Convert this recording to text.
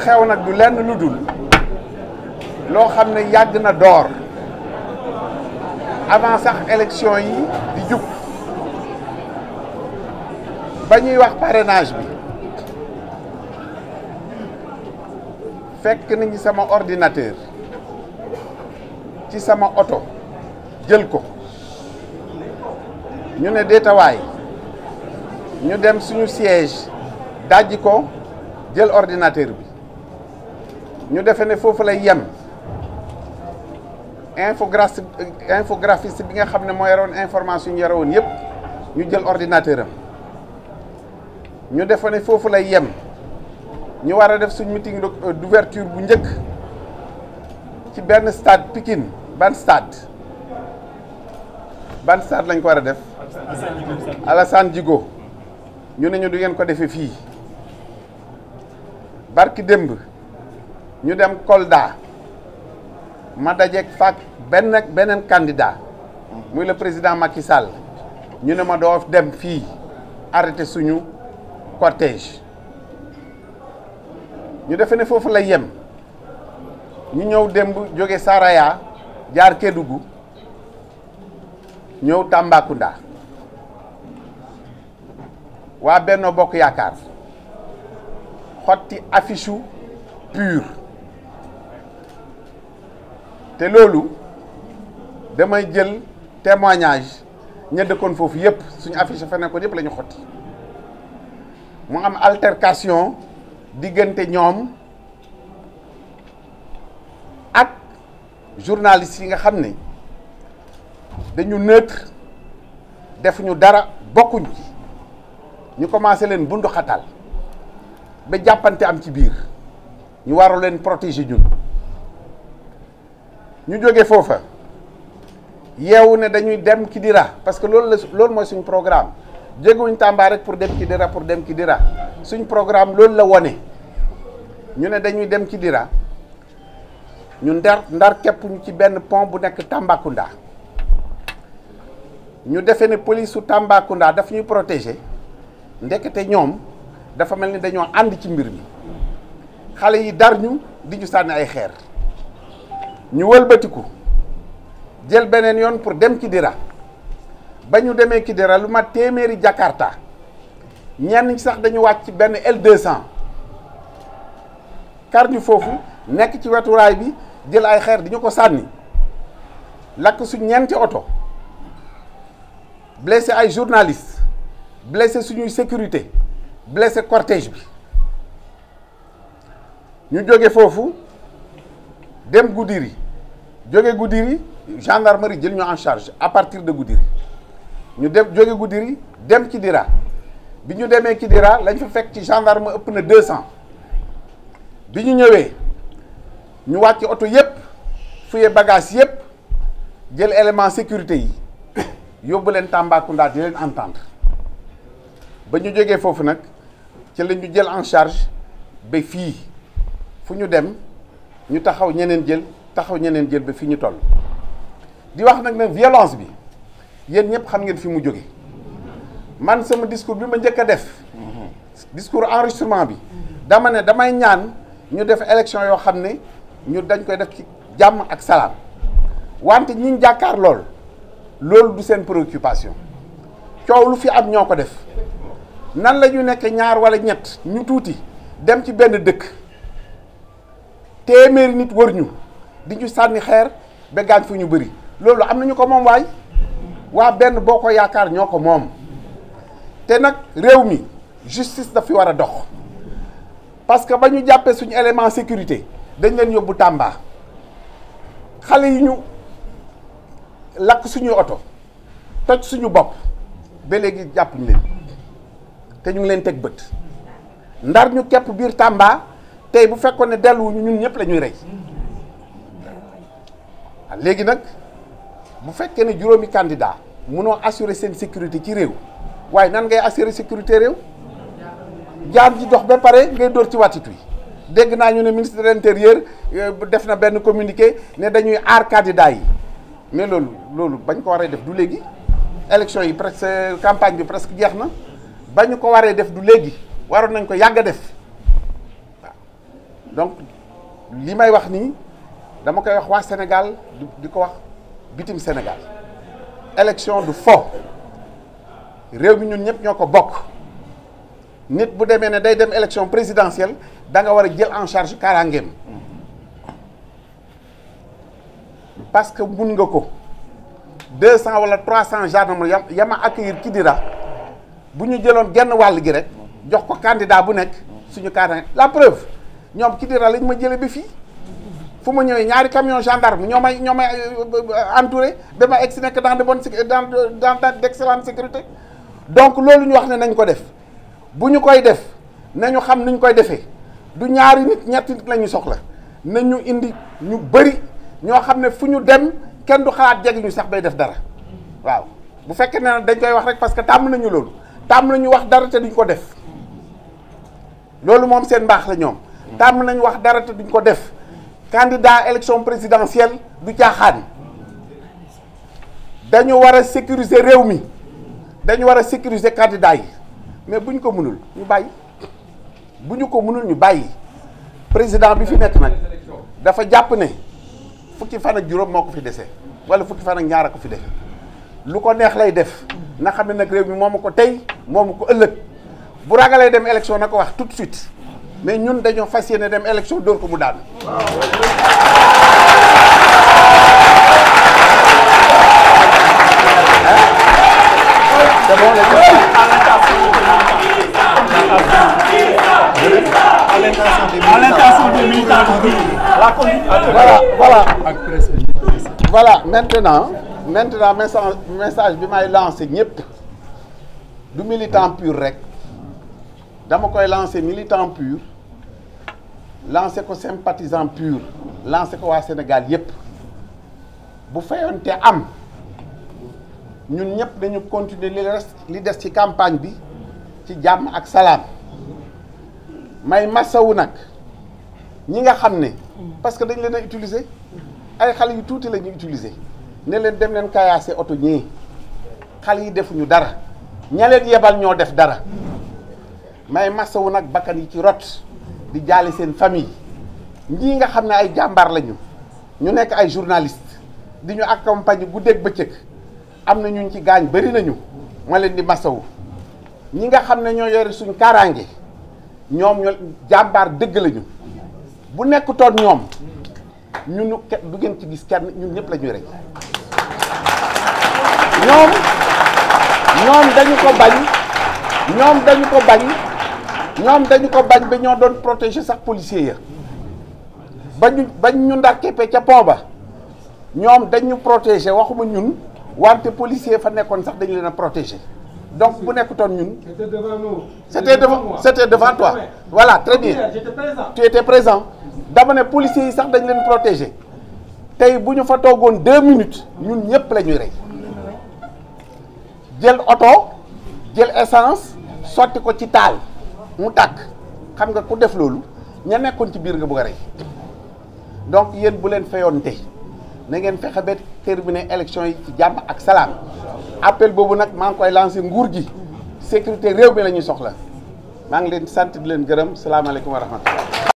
xew nag du lenn lu dul loo xam ne yàgg na door avant sax élection yi di jub ba ñuy wax parrainage bi fekk nañu sama ordinateur ci sama oto jël ko ñu ne déetawaay ñu dem suñu siège dajji ko jël ordinateur bi ñu defee ne foofu lay yem infographie bi nga xam ne moo yaroon information ñu yaroon yëpp ñu jël ordinateur am ñu defee ne foofu lay yem ñu war a def suñ meeting euh, d'ouverture bu njëkk ci benn stade Pikine ban stade ban stade lañ ko war a def Alassane Djigo ñu ne ñu du ngeen ko defee fii barki démb ñu dem Kolda ma dajeeg fàq benn beneen candidat muy le président Macky Sall ñu ne ma doo dem fii arrêté suñu cortège ñu defe ne foofu la yem ñu ñëw démb jóge Saraya jaar Kédougou ñëw Tambacounda waa Benno Bokk Yaakaar xotti affiche pur te loolu damay jël témoignage ña dëkkoon foofu yëpp suñu affiche fa nekkoon yëpp la ñu xotti mu am altercation diggante ñoom ak journalistes yi nga xam ne dañu neutre defuñu dara bokkuñ ci ñu commencé leen bundu ba jàppante am ci biir ñu waru leen protéger ñun. ñu jóge foofa yeewu ne dañuy dem Kidira parce que loolu la loolu mooy suñu programme jéguñ Tamba rek pour dem Kidira pour dem Kidira suñ programme loolu la wone ñu ne dañuy dem Kidira ñu ndar ndar képp ñu ci benn pont bu nekk Tambacounda ñu defee ne polisu su Tambacounda daf ñuy protéger ndekete ñoom dafa mel ni dañoo ànd ci mbir mi xale yi dar ñu di ñu sànni ay xeer. ñu wëlbatiku jël beneen yoon pour dem Kidira ba ñu demee Kidira lu mat téeméeri Jakarta ñenn sax dañu wàcc benn L200 kar ñu foofu nekk ci wetu raay bi jël ay xeer di ko sànni lakk su ñeenti oto blessé ay journalistes blessé suñuy sécurité blessé cortège bi ñu jóge foofu. dem Goudiri jóge Goudiri gendarmerie jël ñu en charge partir de Goudiri ñu dem jóge Goudiri dem Kidira bi ñu demee Kidira lañ fa fekk ci gendarme ëpp na 200 bi ñu ñëwee ñu wàcc oto yépp fuyee bagage yépp jël élément sécurité yi yóbbu leen Tambacounda di leen entendre ba ñu jógee foofu nag ci la jël en charge ba fii fu ñu dem. ñu taxaw ñeneen jël taxaw ñeneen jël ba fi ñu toll di wax nag ne violence bi yéen ñëpp xam ngeen fi mu jóge man sama discours bi ma njëkk a def discours enregistrement bi dama ne damay ñaan ñu def élection yoo xam ne ñu dañ koy def ci jàmm ak salaam wante ñi ñu jàkkaar lool loolu du seen préoccupation coow lu fi am ñoo ko def nan la ñu nekk ñaar wala ñett ñu tuuti dem ci benn dëkk téeméeri nit wër ñu di ñu sànni xeer ba gaañ fu ñu bëri loolu am nañu ko moom waay waa benn boo ko yaakaar ñoo ko moom te nag réew mi justice daf war a dox parce que ba ñu jàppee suñu élément sécurité dañ leen yóbbu Tamba xale yi ñu lakk suñuy oto toj suñu bopp ba léegi jàppuñu leen te ñu ngi leen teg bët ndar ñu képp biir Tamba. tey bu fekkoon ne delluwuñu ñun ñëpp la ñuy rey ah, léegi nag bu fekkee ne juróomi candidat munoo assurer seen sécurité ci réew waaye nan ngay assurer sécurité réew jaam ji dox ba pare ngay dóor ci wàttitu yi dégg naa ñu ne ministre de l'intérieur euh, def na benn communiqué ne dañuy aar candidat yi mais loolu loolu bañ ko waree def du léegi élection yi presque campagne bi presque jeex na bañ ko waree def du léegi waroon nañ ko yàgg a def donc li may wax nii dama koy wax waa Sénégal di ko wax bitim Sénégal élection du fo réew bi ñun ñëpp ñoo ko bokk nit bu demee ne day dem élection présidentielle da nga war a jël en charge kaaraangeem parce que mun nga ko deux cent wala trois cent gendarmes yama accueillir Kidira bu ñu jëloon genn wàll gi rek jox ko candidat bu nekk suñu kaaraange la preuve ñoom ki dira lañ ma jëlee bi fii fu ma ñëwee ñaari camion gendarme ñoo may ñoo may euh, euh, entouré dama ma egg si nekk dans de bonne dans dans d'excellente sécurité donc loolu ñu wax ne nañ ko def bu ñu koy def nañu xam nuñ koy defee du ñaari nit ñetti nit la ñu soxla nañu indi ñu bëri ñoo xam ne fu ñu dem kenn du xalaat jegi ñu sax bay def dara waaw bu fekkee ne dañ koy wax rek parce que tàmm nañu loolu tàmm nañu wax dara te duñ ko def loolu moom seen mbaax la ñoom tàmm nañ wax dara te duñ ko def candidat élection présidentielle du caaxaan dañu war a sécuriser réew mi dañu war a sécuriser candidat yi mais bu ñu ko mënul ñu bàyyi bu ñu ko mënul ñu bàyyi président bi fi nekk nag dafa jàpp ne fukki fan ak juróom moo ko fi dese wala fukki fan ak ñaar a ko fi def lu ko neex lay def na xam ne nag réew mi moomu ko tey moom ko ëllëg bu ragalee dem élection na ko wax tout suite mais ñun dañoo fas yéene dem élection dóor ko mu daanu. voilà voilà voilà maintenant maintenant message message bi may lancé ñëpp du militant pur rek dama koy lancé militant pur lancé ko sen sympathisant pur lancé ko waa Sénégal yépp bu fayonte am ñun ñëpp dañu continuer li des li des ci campagne bi ci jàmm ak salaam may masawu nag ñi nga xam ne parce que dañ leen a utiliser ay xale yu tuuti la ñu utiliser ne leen dem leen kaayaase oto ñii xale yi defuñu dara ña leen yebal ñoo def dara may wu nag bakkan yi ci rot di jaale seen famille ñii nga xam ne ay jàmbaar lañu ñu nekk ay journaliste di ñu accompagner guddeeg bëccëg am na ñun ci gaañ bari nañu ma leen di masawu ñi nga xam ne ñoo yore suñ kaaraange ñoom ñoo jàmbaar dëgg lañu bu nekkutoon ñoom ñun du ngeen ci gis kenn ñun ñëpp la ñuy rey ñoom ñoom dañu ko bañ ñoom dañu ko bañ. ñoom dañu ko bañ ba ñoo doon protéger sax policier ya bañu bañ ñu ndàkkepe ca pont ba ñoom dañu protéger waxuma ñun wante policier fa nekkoon sax dañ leen a protéger donc bu nekkutoon ñun. c'était devant nous. c'était devant c'était devant toi. voilà très bien tu étais présent. dama ne policiers yi sax dañ leen protéger tey bu ñu fa toogoon deux minutes ñun ñëpp la ñuy rey jël oto jël essence sotti ko ci taal. mu tàkk xam nga ku def loolu ña nekkoon ci biir nga bëgg a rey donc yéen bu leen fayonte na ngeen fexe ba terminer élection yi ci jàmm ak salaam appel boobu nag maa ngi koy lancé nguur gi sécurité réew bi la ñuy soxla maa ngi leen sant di leen gërëm salaamaaleykum wa rahmatullah